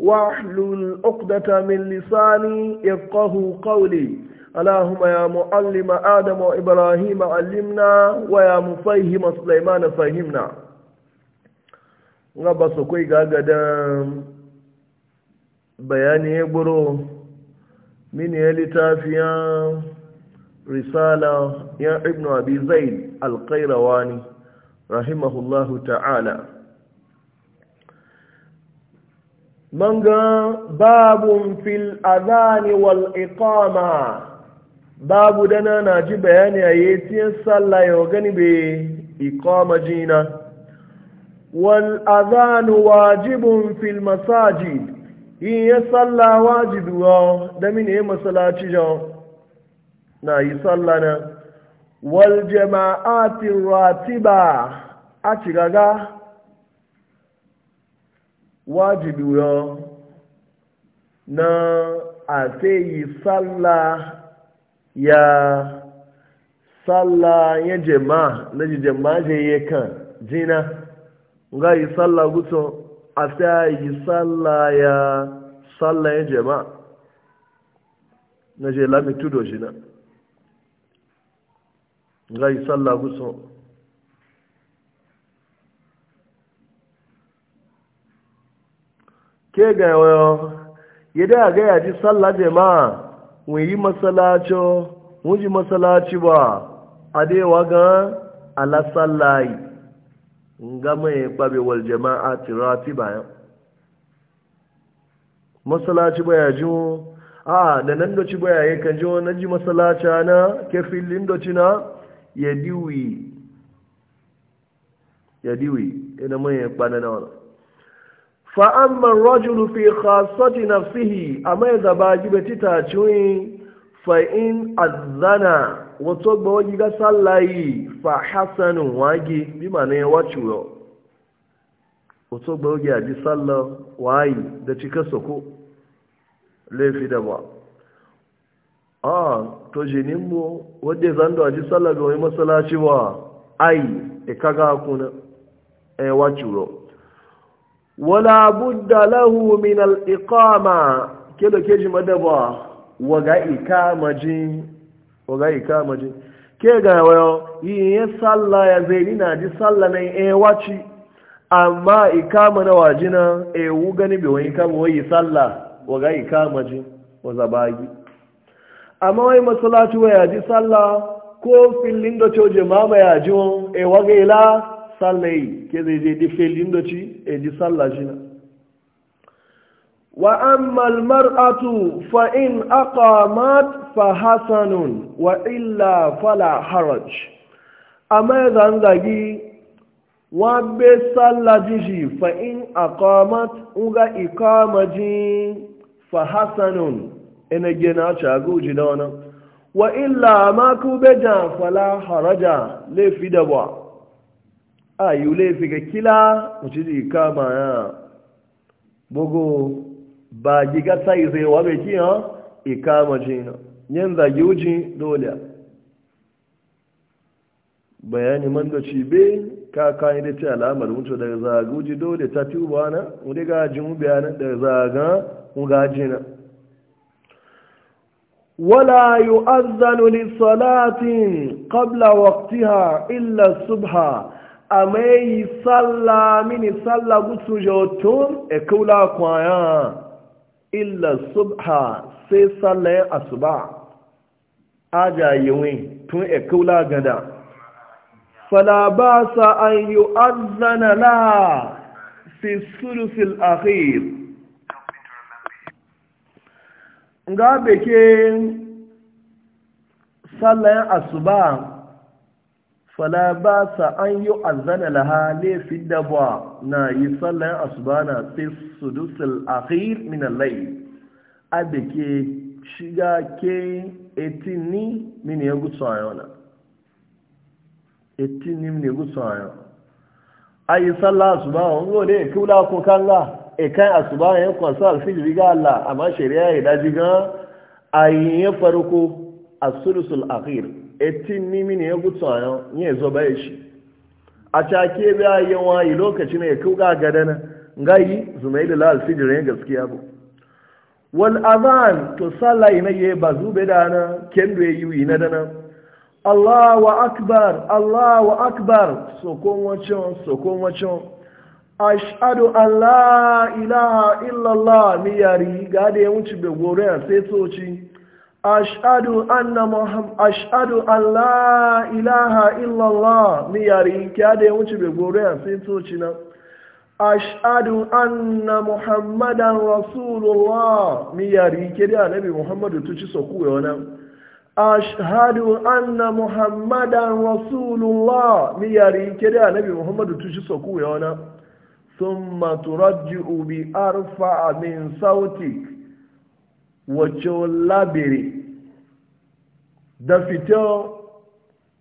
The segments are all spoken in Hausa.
واحلل عقدة من لساني يفقه قولي اللهم يا معلم آدم وإبراهيم علمنا ويا مفهم سليمان فهمنا ngaba su kai gagadan bayani ya buro mini ya litafiya risala ya ibn abi zaid alkairawani rahimahullahu ta'ala manga babun fil azani wal iqama babu dana na ji bayani a yetiyan sallah yau gani be iqama jina wal azanu wajibun fil masajid in ya sallah wajibu da mini masalaci jan na yi sallah na wal jama'atin ratiba a cigaga wajibi yo na yi sallah ya sallah ya jama'a na ji jama'a je ya kan jina nga yi sallah guto a yi sallah ya sallah ya jama'a na je lami tudo jina nga yi sallah guto ke ga yawo yadda ga ya ji sallah jama'a wọ́n yí masalaci wọ́n jí masalaci ba adéwà gan alasalayi nga mai kpabe wal jama'a tirati bayan masalaci baya ji wọn a na nan doci baya ya kan ji na ji masalachi na ke filin doci na ya diwi ya diwi ina e na Fa fa'amman rajulu fi khasati nafsihi a mai zaba gibe tita ciwi fa'in azana wato gba wagi ga sallayi fa hasanin wagi bi mana ya wace yau wato gba wagi a ji sallar wayi da cika soko laifi da ba a to jinin mu wadda zan da ji sallar ga wani masalaci ba ai e kaga kuna ya e wace yau wala budda lahu min al-iqama kelo keji madaba waga ikamaji waga ikamaji ke ga wayo yin sallah ya zaini na ji sallah nan e waci amma ikama na wajina e wugani bi wani kama wayi sallah waga ji waza bagi amma wai masalatu ya ji sallah ko filin da coje mama ya ji e waga ila sallah yi ke zai je di felin e ji shi na wa ammal mar'atu fa in aqamat fa hasanun wa illa fala haraj amma zan zagi wa be sallah ji fa in aqamat uga ikamaji fa hasanun ina gina cagu ji da wannan wa illa ma ku beja fala haraja laifi da ba a yule fika kila uchiji kama ya bogo ba jiga saize wabe kia ikama jina nyenza yuji dola bayani manda be ka kani de alamar mar mucho da za guji dole ta tuba na mude ga jumu bayan da za ga uga jina wala yu'azzanu li salatin qabla waqtiha illa subha Amai salla mini salla gutsu jotun e kula kwaya illa subha sai salla ya asuba aja yiwin tun e kula gada fala ba sa an yi azana la fi sulusil akhir ga beke salla ya asuba fala ba sa an yi azana laha laifin da ba na yi sallan asubana sai sudusul akhir min allai a da ke shiga ke etini min ya gutsu a yana etini min ya gutsu a yana a yi sallan asuba wani gode ya kula ko kanga e kan asuba ya kwanso alfijiri ga Allah amma shari'a ya daji gan a yi ya farko a sudusul akhir etin ni mini ya gutsu a yau ya zo baya shi a cake biya yin yi lokaci ne ya kuga gadana gayi zumailu la alfijir ya gaskiya bu wal azan to sallah ina ba zube da na kendo ye yi na dana wa akbar wa akbar sokon wacon sokon wacon ashhadu an ilaha illa Allah mi yari gade ya wuce gore a sai Ashadu anna Muhammad ashadu Allah ilaha illa Allah ni yari kade wuce be gore a sai toci nan Ashadu anna Muhammadan Rasulullah ni yari kade Annabi Muhammad toci soku yo nan Ashadu anna Muhammadan Rasulullah ni yari kade Annabi Muhammad toci soku yo nan thumma turaji bi arfa min sautik wacce labirin da fito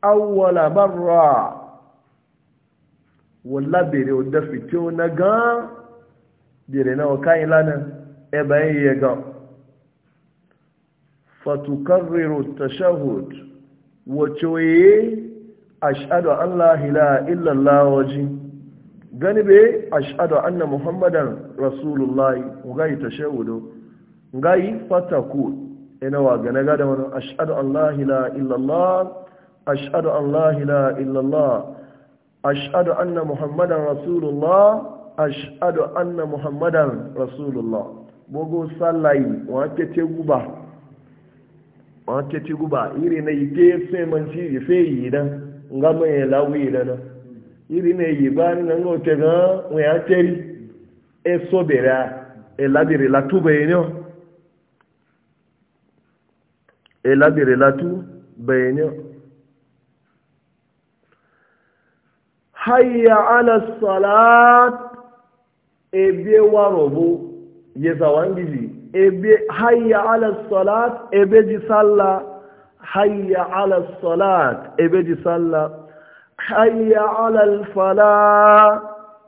awwala barra wala bere da fito na gan bere na wakan lana e ya ga fatukarriru tashahhud wacce yi ashhadu an la ilaha waji gani be ashhadu anna muhammadan rasulullahi ugai tashahhudu gai fataku ina wa gane gada wani ashadu Allah ila illallah ashadu Allah ila illallah ashadu anna muhammadan rasulullah ashadu anna muhammadan rasulullah bogo sallayi wa kete guba wa kete guba iri na ite sai manci ife yi dan nga mai lawi dana iri na yi ba ni nan ote ga wa ya teri e sobera e labiri la tuba ne Ela labire relatu bayani hayya ala salat ebe warobo robo ya zawangiji ebe hayya ala salat ebe ji salla hayya ala salat ebe ji salla hayya ala alfala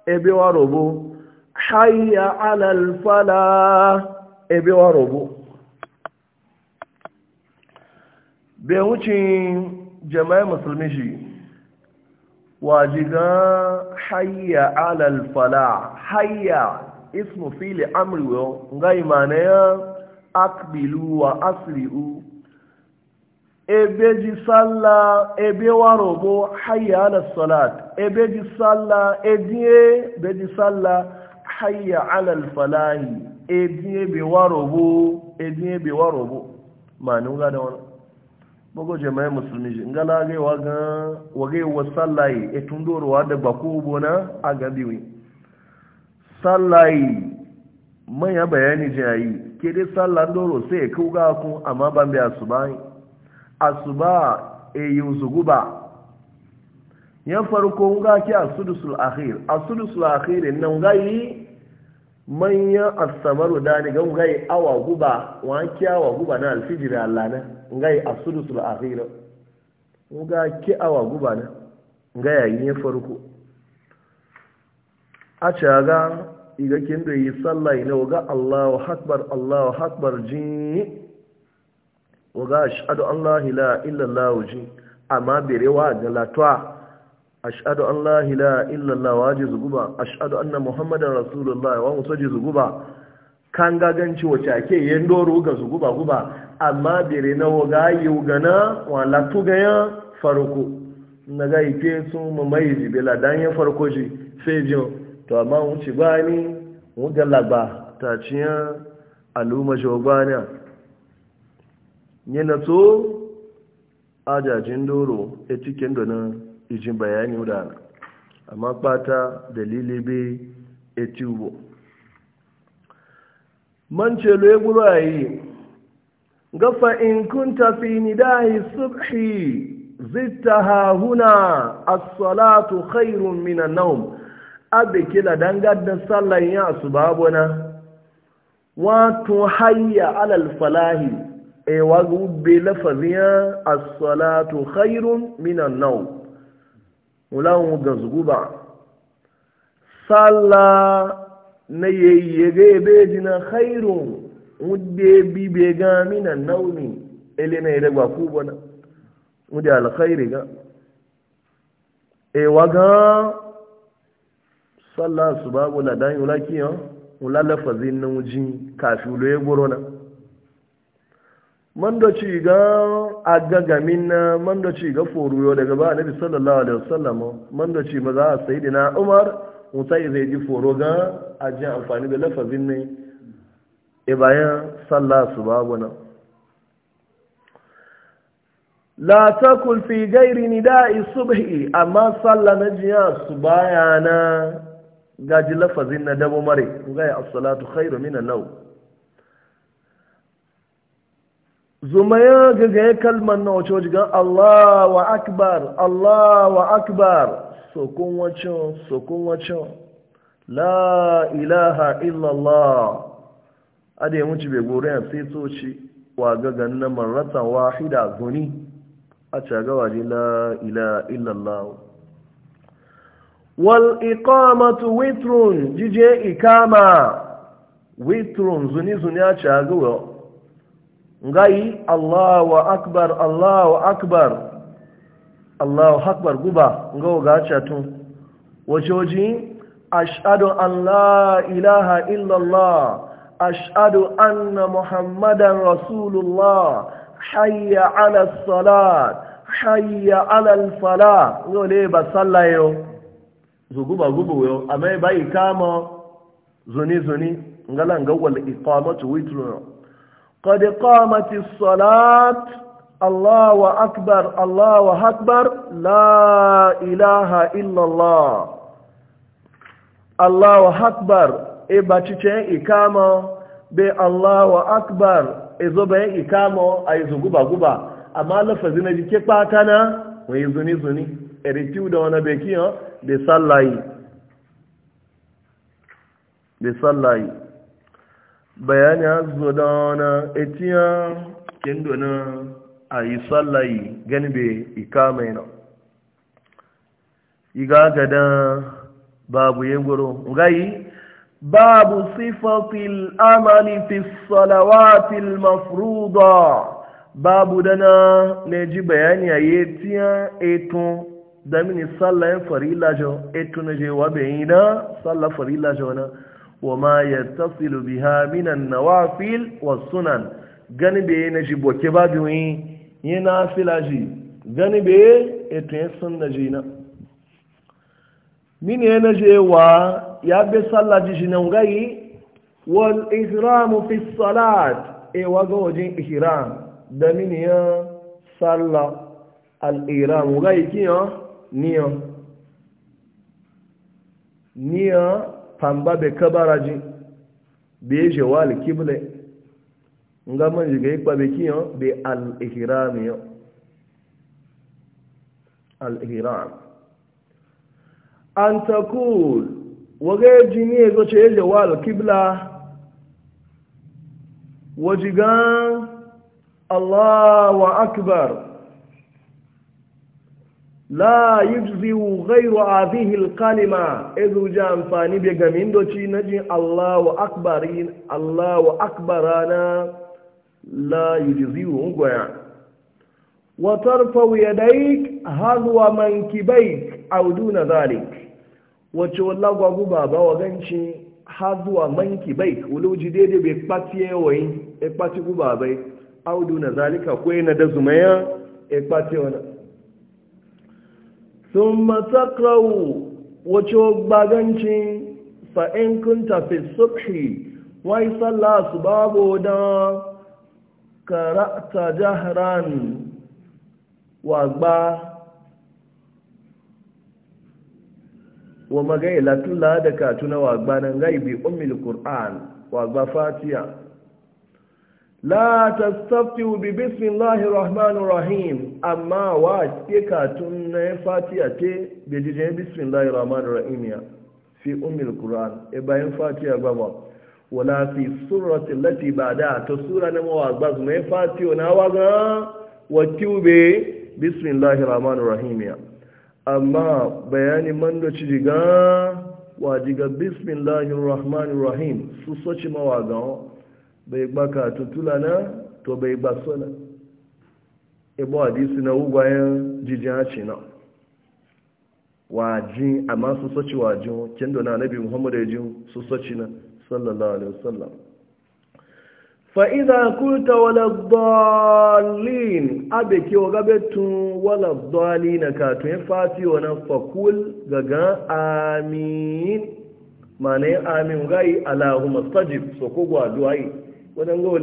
ebe wa robo hayya ala alfala ebe wa robo bai wucin jama'i musulmi shi wajiga hayya alal fala hayya ismu fili amri wo nga mane ya akbilu wa asri'u ebe ji salla ebe wa hayya alas salat ebe ji salla edie be ji salla hayya alal falahi edie be wa robo be waro robo ma ni da bugu jama'i musulmi ji nga ga wagewa sallayi e tundorowa da bakubo na a gabiwi sallayi manya bayani jayi kede dai doro sai ku ga ku amma ban bi asuba asuba e yuzuguba yan farko nga ki asudusul akhir asudusul akhir e nan ga yi manyan asamaru da ni ga ngai awa guba wa ki awa guba na alfijiri Allah na ngai asulusul akhira nga ki awa guba na ngai ya yin farko a ga iga kin da yi sallah ne uga Allahu akbar Allahu akbar ji wa ga ashhadu an la ilaha illa Allah ji amma birewa da galatwa ashadu an la ila illallah wa ji zuguba ashadu anna muhammadan rasulullah wa musa ji zuguba kan gaganci wace ake yin doro ga zuguba guba amma bere na waga yi gana wala tugaya farko na ga yi ike sun mamaye jibila dan ya farko ji fejin to amma wuce ba ni wuga lagba ta ciyan al'umma shogana yana to ajajin doro ya cikin donan e ijin bayani wuda amma bata dalili bai etubo man lo ya yi gafa in kunta fi nidahi subhi ha huna as-salatu khairun min an-nawm abe kila da sallan ya asbabuna wa wato hayya alal falahi e wa gubbe lafaziya as-salatu khairun min an mulawun ga zuguba salla na yayyage beji na khairun wudde bi be ga mina naumi ele na yada ba ku bana wudde alkhairi ga e waga sallah su babu ladan yulaki yo ulala fazin nan wuji kafi ulo ya goro na mando ci ga agagamin na mando ci ga foruyo daga ba annabi sallallahu alaihi wasallam mando ci maza a sayidina umar mutai zai ji foro ga aji amfani da lafazin ne e bayan sallah su babu nan la takul fi ghairi nida'i subhi amma sallah na jiya su baya na gaji lafazin na dabo mare ga ya as-salatu khairu minan nawm zumaya ya kalmar na wace wajigan Allah wa akbar Allah wa akbar sokun wacin sokun wacin la ilaha illallah ada yi muci bai gori yan sai soci wa gagan na marratan wahida zuni a cagawa ji la ilaha illallah wal ikamatu witrun jije ikama witrun zuni zuni a cagawa ngai allahu akbar allahu akbar allahu akbar guba ngawo ga catun wajoji ashadu an la ilaha illa allah ashadu anna muhammadan rasulullah hayya ala salat hayya ala alfala ngawo le ba sallayo zuguba gubu yo amai bai kama zuni zuni ngala ngawal iqamatu witru قد قامت الصلاة الله أكبر الله أكبر لا إله إلا الله الله أكبر إباتشين إكاما بي الله أكبر إذا بي إكاما أيزو قبا قبا أما الله فزينا جي كيك كباتنا ويزوني زوني إريتيو دوانا بيكيو بيصلي بيصلي bayani ya zo da wani etiya kendo na a yi tsallayi gani bai ikama yana iga da babu yin guru gayi babu sifatil amali fi salawatil mafruda babu dana ne ji bayani a yi etiya eto da mini tsallayin farila jo eto na je wa bayi na tsalla farila jo na وما يتصل بها من النوافل والسنن gani be na ji boke ba biyu yi na fila ji gani be eto yin sunna ji na mini yana ji wa ya be sallah ji shi nan gai wal ihramu fi salat e wa ga wajen ihram da min ya sallah al ihram gai kiyo niyo pamba be kabaraji be jawal kible nga man gay ikpa be kiyo be al ihram yo al ihram an takul wage jini e go che e jawal kibla wajiga Allahu akbar la yujziu ghayru hadhihi alkalima ezu ja amfani be gamindo chi naji Allahu akbarin Allahu akbarana la yujziu ghayra wa tarfau yadayk hadwa mankibayk aw duna dhalik wace wallahi gwagu baba wa ganci hadwa mankibayk uluji dede be patiye wayin e pati gu babai aw duna dhalika ko na da zumaya e pati wana sun matsakrau wacce bagancin fa'in kun tafi wai sallah su babu da karata jaharan wagba wa magai da katuna wagba nan gaibi umil qur'an fatiya la tastafti bi bismillahir rahmanir rahim amma wa ke katun na ya fatiya te da jijin fi e bayan fatiya gbaba wala fi surati lati sura na mawa gbaz mai fatiyo na waga amma bayani man da ci diga wa diga su soci mawa ga bai to bai ebe hadisi na ugwayen jijin ci na waji amma su soci wajin na nabi muhammadu ya jin na sallallahu alaihi wasallam fa'iza kulta wala dalin abe ke wa fakul amin mana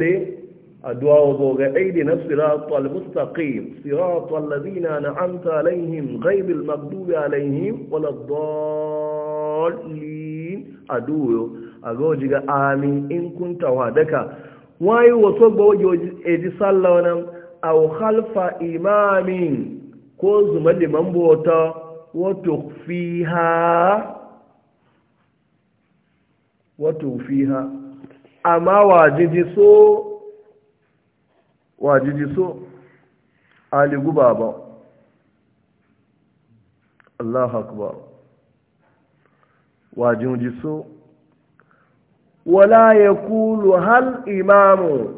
yin addu'a wa goga aidi na siratul mustaqim siratul ladina an'amta alaihim ghaibil maghdubi alaihim waladdallin aduyo agoji ga amin in kunta wadaka wayi waso gba waje eji sallah aw khalfa imamin ko zuma liman bota wa amma wajiji so jiji so ali guba ba Allah akbar wa jiji so wala ya kulu hal imamu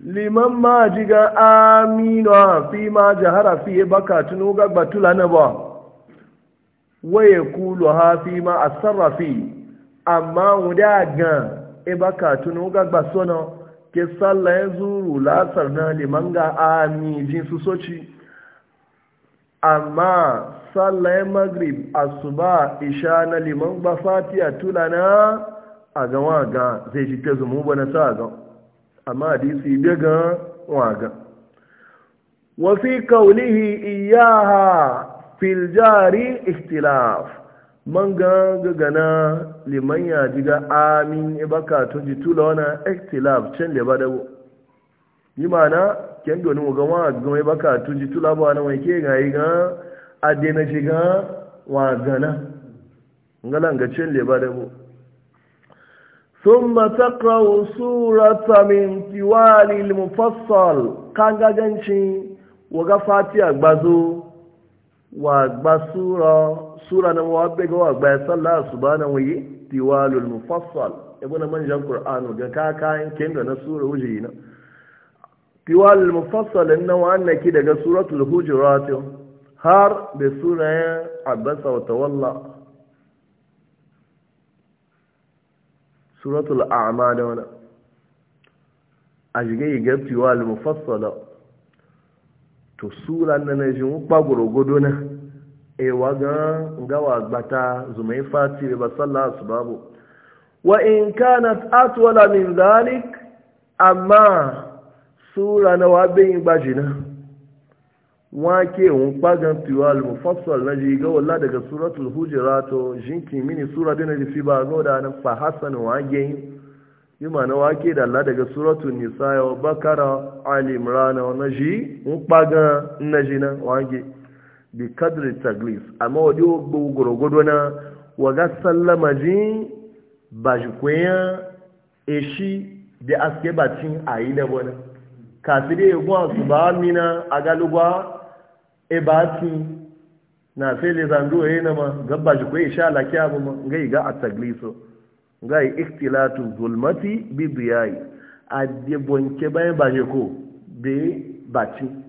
liman ma jiga amina fi ma jahara fi baka tunu gagba tulana ba waye kulu ha fi ma fi amma wuda gan e baka tunu gagba sona ke sallah ya zuru lasar na liman ga amijin su soci amma sallah ya magrib asuba isha na liman ba fatiya tula na a ga waga zai ji ta zumu ba na sa ga amma hadisi bi waga wa fi qawlihi iyyaha fil ikhtilaf man ga gana liman ya diga amin ibaka e to ji tula wana ikhtilaf can da ba da bu yi mana kyan gani mu gama gama ibaka e to ji tula ba na wai e ke ga yi ga adena shiga wa gana ngalanga ga can da ba da bu ثم تقرأ سورة من طوال المفصل كان fatiya gbazo wa gbasura sura na mawabbe ga wa bayan sallah subhanahu wa tiwalul mufassal ibn manjan qur'anu ga ka kayan kendo na sura wuji na tiwalul mufassal inna wa annaki daga suratul hujurat har da sura ya abasa wa tawalla suratul a'mal wa wana ajige ga tiwalul mufassal to sura nan ne jin kwagoro godona ewa ga gawa gbata zumai fati ba sallah babu wa in kanat atwala min zalik amma sura na wa bin gbajina wa ke un pagan tiwal mufassal na ji ga wala daga suratul hujurat jinki mini sura dina ji fi ba go da nan fa hasan wa yi ma na ke da Allah daga suratul nisa wa bakara ali imran wa naji un pagan najina na ge bi kadri taglif amma wadi ogbo gwargwado na ga sallama ji ba shi kwenya eshi da aske bacin a yi bona wani kasi da egun asu ba mina a galugwa e na fele zando ya yi na ma ba shi kwenya eshi alaki abu ma ga ga a tagliso ga yi iktilatu zulmati bi biyayi a debonke bayan ko da bacin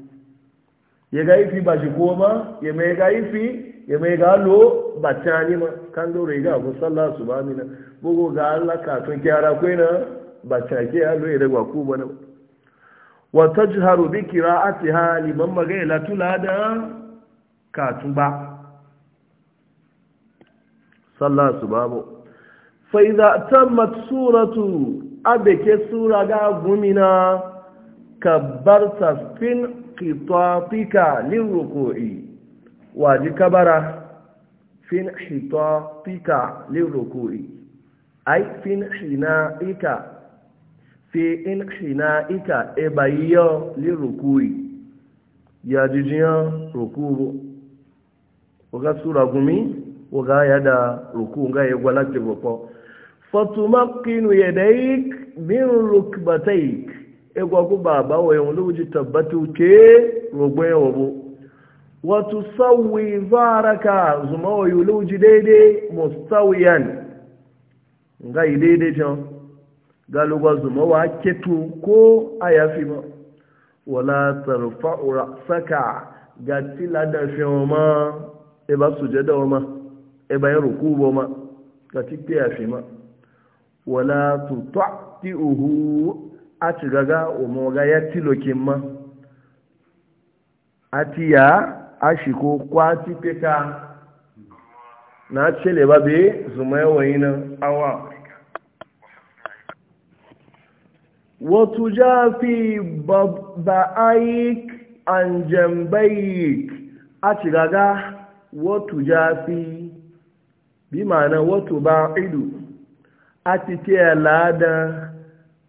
ya ga ifi ba shi goma ya mai ga ifi ya mai ga lo ba tani ma kan doro ya ga abu sallah su ba mina bugu ga Allah ka tun kyara kwai na ba take ya lo ya dagwa ku ba na wa tajharu bi qira'atiha liman magai la tulada ka tun ba sallah su ba mu fa idza tammat suratu abeke sura ga gumina kabbarta fin khitatika lirruku'i waji kabara fin khitatika lirruku'i ai fin hinaika fi in hinaika e bayiyo lirruku'i ya jijiyan rukubu waga sura gumi waga yada ruku nga ya gwalakti min egwa ku baba wa yawon lokaci tabbatu ke rogo yawa bu wata sauwi zaraka zuma wa yi lokaci daidai mustawiyan nga yi daidai can galuwa zuma wa ketu ko a yafi ma wala tarfa saka ga tila da fi ma e ba su jada wa ma e bayan ma ga tikpe yafi wala tuta ti uhu a ci gaga umoga ya tilokin ma a ti ya a shi ko kwati peka na cele ba be zuma na awa wato ja fi ba'ayik an jambayik a ci gaga wato ja fi bi ma'ana ladan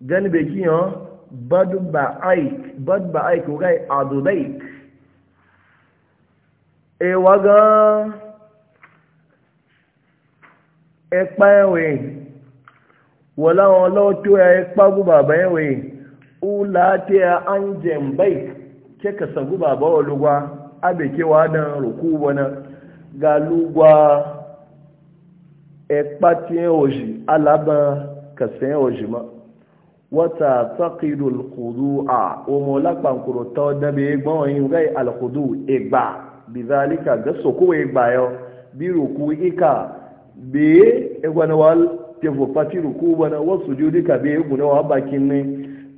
gani bai kiyan bad ba aik bad ba aik gai adubaik e waga lọ́wọ́ tó ẹ̀ ẹ̀pá gúbàbà ẹ̀wẹ̀ ula tí a an jẹm báyìí kẹkẹsà gúbàbà olùgbà abèkéwà dán rùkú wọnà ga lúgbà tí ẹ̀ òjì alábà kẹsẹ̀ òjì mọ́ wata taqidu alqudu'a o mo la pankuro to dabe gbon yin gai alqudu egba bizalika gaso ko egba yo biru ku ika be egwana wal tevo patiru ku bana wasujudika be guna wa bakin ne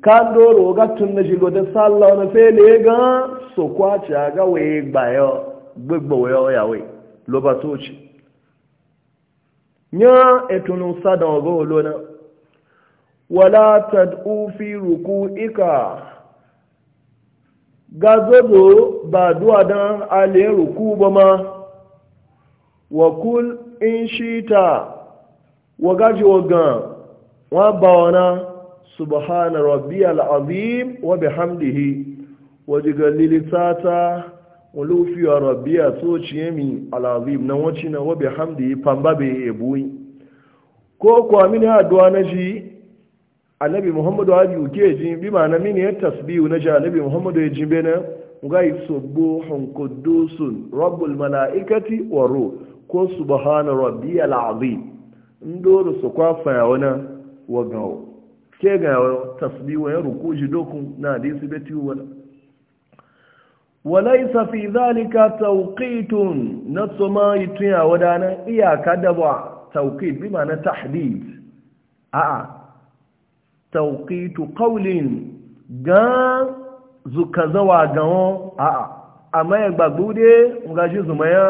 do doro ga tun na jilo da sallah na fele ga so kwaci ga we igba yo gbegbo yo yawe lo ba tochi nya etunu sada ogo lona wala tad'u fi ruku'ika gazodo ba duwa dan ale ruku ba ma wa kul in shita wa gaji wa gan wa ba wana subhana rabbiyal azim wa bihamdihi wa jigalilitata wulufi wa rabbiya so ciyemi al azim na wacina wa bihamdihi pambabe ebuyi ko kwa mini addu'a na ji annabi muhammadu hadi uke ji bi ma'ana mini ya tasbihu na ja annabi muhammadu ya ji bena ngai subuhun qudusun rabbul malaikati wa ruh ko subhana rabbiyal azim ndoro su kwafa ya wana wa gawo ke ga tasbihu ya rukuji dokun na hadisi beti wala walaisa fi zalika tawqitun natsuma yituya wadana iyaka da ba tawqit bi ma'ana tahdid a'a tauqitu qawlin ga zuka zawa gawo a a amma ya gbagbo de nga ji zuma ya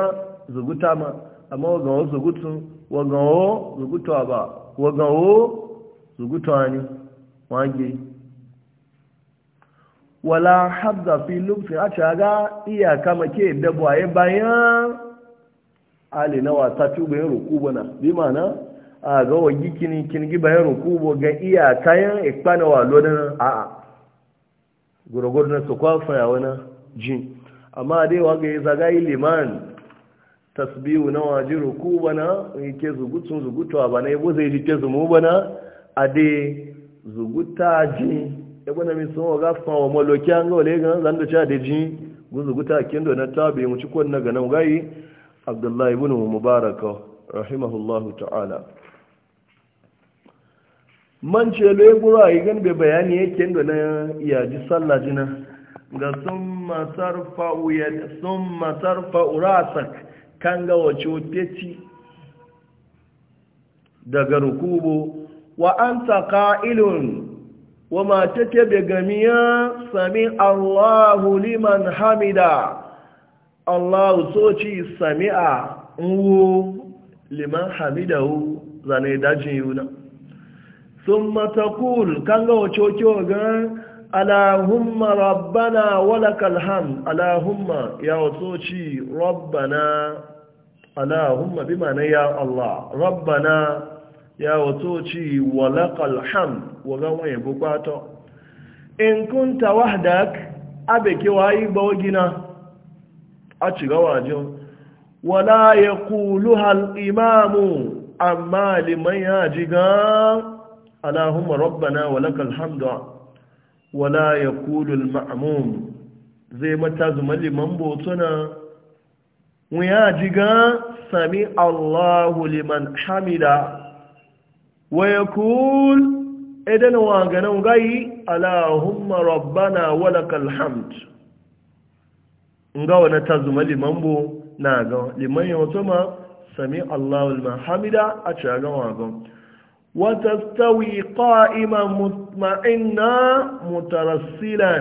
zuguta ma amma wa gawo zugutu wa gawo zuguta ba wa gawo zuguta ni wange wala hadda fi lubfi a caga iya kama ke dabwa ya bayan ali na wata tubayin rukubana bi na. a ga wagi kini kini gi bayan rukubo ga iya kayan ikpana wa lodin a a gurgur na su kwafa ya wani jin amma dai waga ya zaga liman tasbihu na waji rukuba na yake zugutun zugutuwa ba na yabo zai jike zumu ba na a dai zuguta ji yabo na misun wa gafa wa maloki an ga wale gan zan da ci a da ji guzuguta kendo na tabi mu ci kwanna ga nan gayi abdullahi ibn mubarak rahimahullahu ta'ala man ce guru a yi gan bai bayani yake da na yaji sallah jina ga sun matar fa'urasak kan ga wace ci daga rukubo wa an taka ilun wa mata ke begamiya sami allahu liman hamida allahu soci sami'a nwo liman hamida zane dajin na. sun matakul kan ga wacoci wa gan alahumma rabbana wala kalham alahumma ya ya Allah rabbana ya wacoci wala kalham wa gan wani bukato in kun ta wahdak abeke wayi bawagina a ci gawajin wala ya kulu hal imamu amma liman ya ji gan اللهم ربنا ولك الحمد ولا يقول المعموم زي ما تزم لي من بوتنا وياجيغا سمي الله لمن حمدا ويقول إذن واغنا غاي اللهم ربنا ولك الحمد ngawa na tazuma liman bu na ga liman yawato ma sami allahul mahamida a cikin gawa وتستوي قائما مطمئنا مترسلا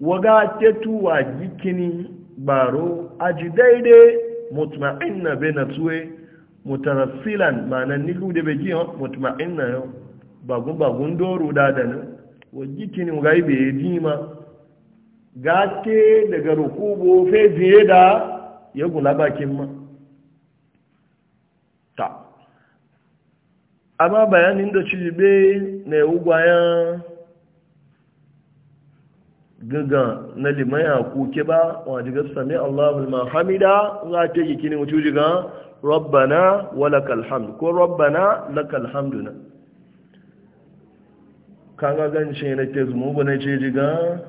وقاتتو واجكني بارو اجديد مطمئنا بنتوي مترسلا معنى نيكو دي بجي مطمئنا bagun bagun دورو dadana wajikini مغايب يديما dima gate daga rukubo fe ziye da ya gula bakin ma ta Ama bayanin da cibe na yau ya gaga na liman ya kuke ba wajen gasa Allah allahul mahamida za ta yi kini mutu jiga rabbana wala kalhamdu ko rabbana lakal hamdu na kan ce na ke zumubu na ce jiga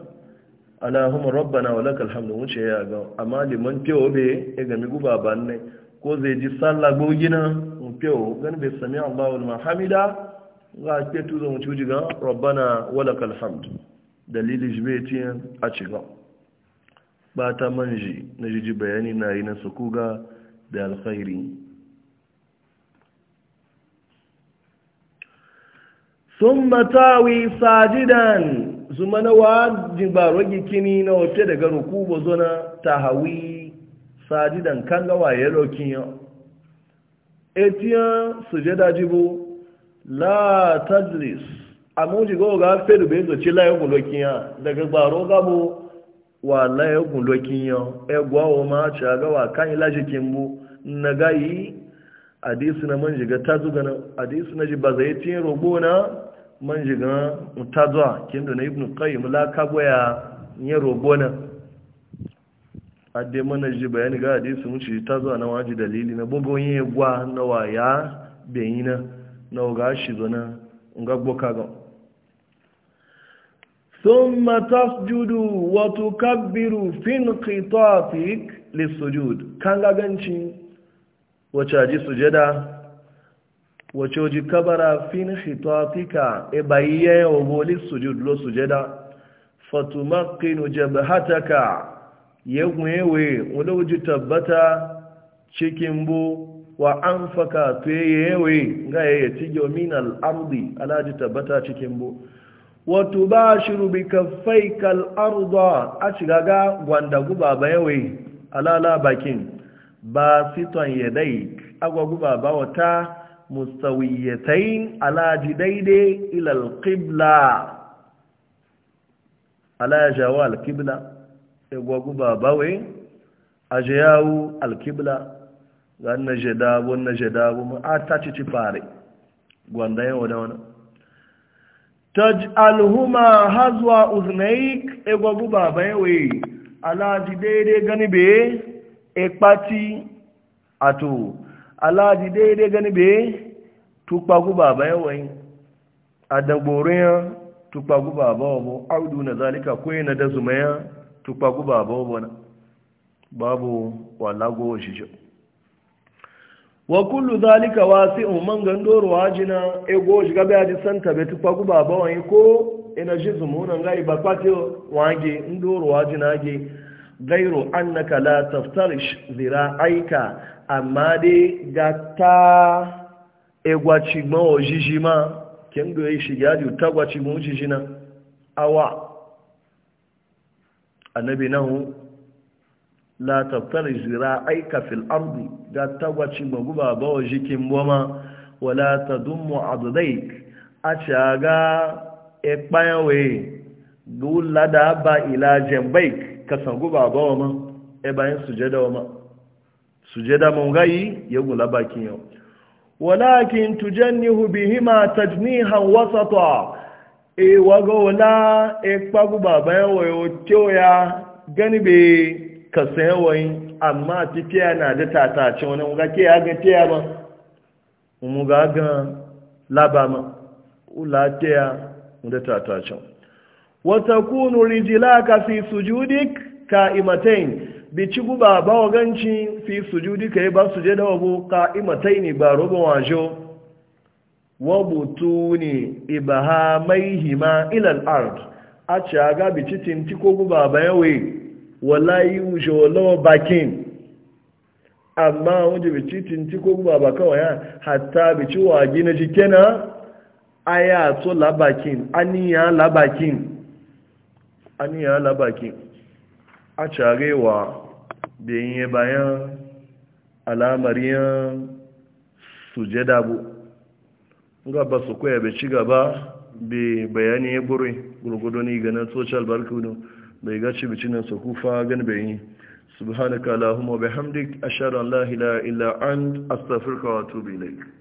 alahumma rabbana wala kalhamdu wuce ya ga amma liman kewa bai ya gami guba ba ne ko zai ji sallah gogina mfiyo gani bai sami allahu alhamida za a ke tuzo mu cuji ga rabbana wala kalhamd dalili shi a ba ta manji na jiji bayani na yi na ga da alkhairi sun matawi sajidan zuma na wajen kini na wafe daga zona ta hawi. sajidan kan gawa ya rokin yau etiyan suje daji la tajlis amma ji go ga fedu be zo chila yogun lokin daga gbaro bu wa la yogun lokin yo egwa o ma cha ga wa kan ila jikin kimbu naga yi hadisi na man jiga tazu ga na hadisi na ji ba zai tin rogo na man jiga mutazu kin na ibnu qayyim la kabwa ya rogo na adde mana ji bayani ga hadisi mun ta zuwa na waji dalili na bugun yin gwa na waya bayina na ga shi zo na nga gboka ga thumma tasjudu wa fin fi le sojud kan gaganci ganci aji su sujada wacce oji kabara fi inqitatika e bayiye ogoli sojud lo sujada fatumaqqinu jabhataka ya gwewe wani tabbata cikin bu wa an faka tuye yewe ga ya ci yomin al'ardi alaji tabbata cikin bu wato ba shiru bi kafai kal'arda a shiga ga gwanda guba ba yawe alala bakin ba siton ya dai agwa guba ba wata mustawiyatain alaji daidai ilal qibla ala qibla egwagu ba bawe a je yawo alkibla ga na je dabo na je dabo ma a ta ci ci fare gwanda yawa da wani alhuma hazwa uznaik egwagu ba bawe alaji daidai gani be ekpati ato alaji daidai gani be tukpagu ba bawe adagborin tukpagu ba bawo audu na zalika ko yana da zumaya tukpa guba babu wani babu walago shijo wa kullu zalika wasi'un man gandoro wajina ego shiga bai aji santa bai tukpa guba ba wani ko ina ji zumuna ngai ba kwate wange ndoro wajina ge gairu annaka la taftarish aika amma dai gata egwaci ma ojiji ma kendo ya shiga ji tagwaci awa annabi nahu la tabtari zira aika fil ardi ga tagwaci maguba ba wa jikin boma wala ta dummu abdaik a shaga ekpayawe gula da ba ilajen baik ka san guba ba ma e bayan sujada wa ma sujada mun gayi ya gula bakin yau walakin tujannihu bihima tajnihan wasata e wago wala e kpagu baba yawo yo kyoya gani be ka sayawoyi amma tafiya na da tata ce wani muga ke ya ga tiya ma muga ga labama ula tiya da tata ce wata kunu rijilaka fi sujudik ka imatain bi ci guba ba waganci fi sujudika ya ba suje da wabo ka imatain ba robo wajo wa butuni ibahamaihima ila al-ard a ci aga bi titin ti ko guba bayawe wai walayi wuce wala bakin amma wuje bi titin ti ko guba ba kawai ya hatta bi ci wa gina jikena aya to labakin aniya labakin aniya labakin a ci agawa da yin bayan alamariyan sujada bu ga ba su koya bai ci gaba bai bayani ya gure gurgudu ne ganin social barkudu bai gaci cinan su kufa gani bai yi subhanaka lahumma bihamdik ashhadu an la ilaha illa ant astaghfiruka wa atubu ilaik